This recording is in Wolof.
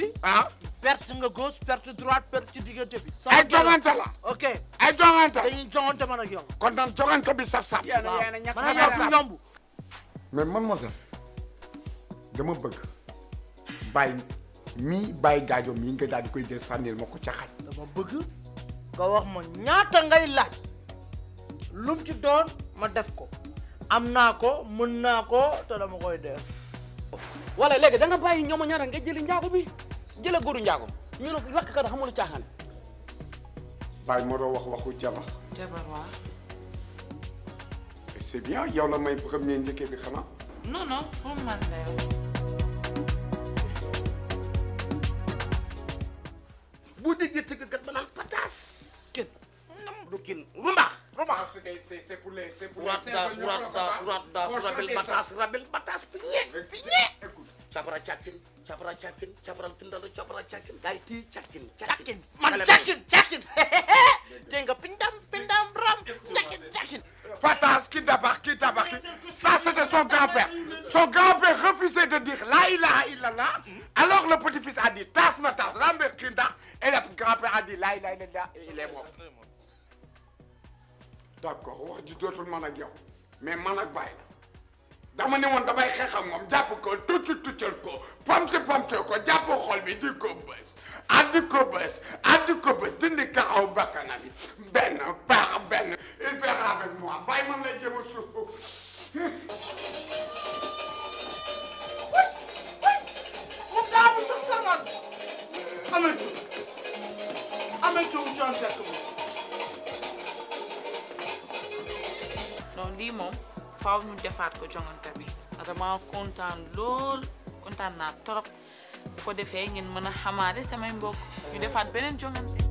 bi. ah perte nga gauche perte droite perte ci diggante bi. ay joŋante la. ok ay joŋante. dañuy joŋante kon daan joŋante bi saf saf. waaw man ak yow yomb. mais dama bëgg bàyyi mii bàyyi gaajo mii nga daal di koy jël sànnil ma ko ca xaj. dama bëgg nga wax ma ñaata ngay laaj lum ci doon ma def ko am naa ko mën naa ko te dama koy def. wala léegi da nga bàyyi ñaata nga jëli njaago bi. jëla góoru njaago ñu ne lakkat xamul caaxaan bàyyi ma doon wax waxu jabar jabar waaw c'est bien yow la may premier njëkkee bi xanaa non non pour man bu déggee tëggkat ba naan pataas kenn du kin rumbax rumbax ah, c'est pour les c'est capara càkkin capara càkkin capara pindalo capara càkkin gaay tii càkkin càkkin man càkkin càkkin dégg nga pindam pindam ram càkkin càkkin patas qui débarque qui débarque ça c'était son grand-père son grand-père refusait de dire la ilaha illallah alors le petit-fils a dit tas na tas ramber ki ndax et le grand-père a dit la ilaha illallah et il est mort d'accord wax ji dootul man ak yow mais man ak bàyyi la dama ne woon damay xeex ak moom jàpp ko tuuti bés addi ko bés dindi taxaw benn par benn il fera avec man lay jëm a suuf moom daa am sax saman amee cu amee cu non lii moom faaw ñu defaat ko jongante bi dama kontaan lool kontaan naa trop bu ko defee ngeen mën a xamaale samay mbokk ñu defaat beneen jongante